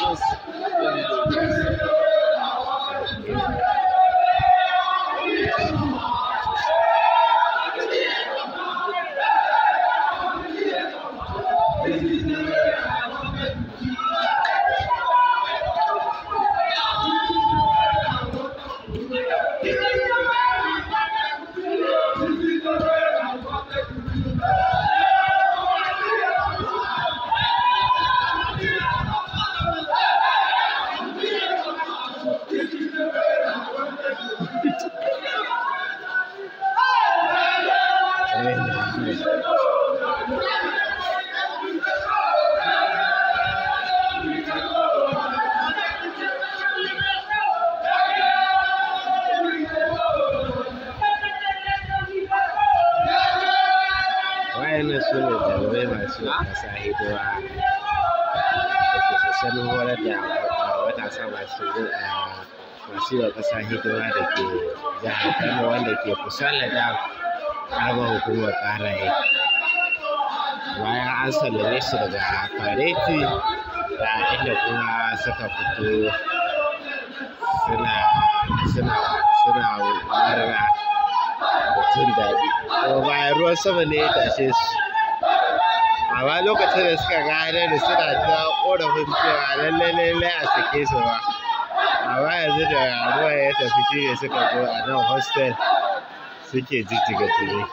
Yes. wannan su ne dalibai masu wasa hidima da ke sassanin horar da matasa masu ah, masu yi wa ƙasa hidima da ke jihar Kano wanda ke kusan da ƙarfa hukumar ƙaraye. Bayan an sallame su daga fareti da inda kuma suka fito jin daɗi bayan ruwan sama ne ya tashe su amma lokacin da suka gane da suna ta ƙorafin cewa lallai lallai a sake su ba amma yanzu da ruwan ya tafi shi ne suka zo a nan hostel suke jijjiga jini